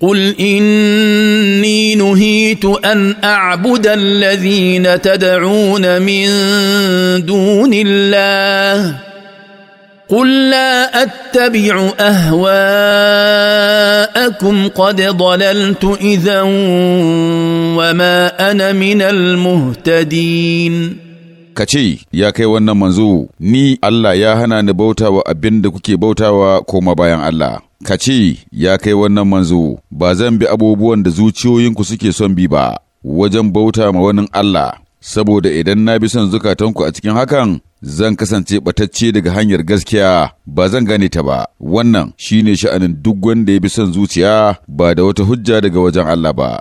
قل اني نهيت ان اعبد الذين تدعون من دون الله قل لا اتبع اهواءكم قد ضللت اذا وما انا من المهتدين ka ce, Ya kai wannan manzo, ni Allah ya hana ni bauta wa abin da kuke bautawa koma bayan Allah. ka ce, Ya kai wannan manzo, ba zan bi abubuwan da zuciyoyinku suke son bi ba, wajen bauta ma wani Allah, saboda idan na bi son zukatanku a cikin hakan, zan kasance ɓatacce daga hanyar gaskiya ba zan gane ta ba, wannan shine sha'anin duk wanda ya bi son zuciya ba da wata hujja daga wajen Allah ba.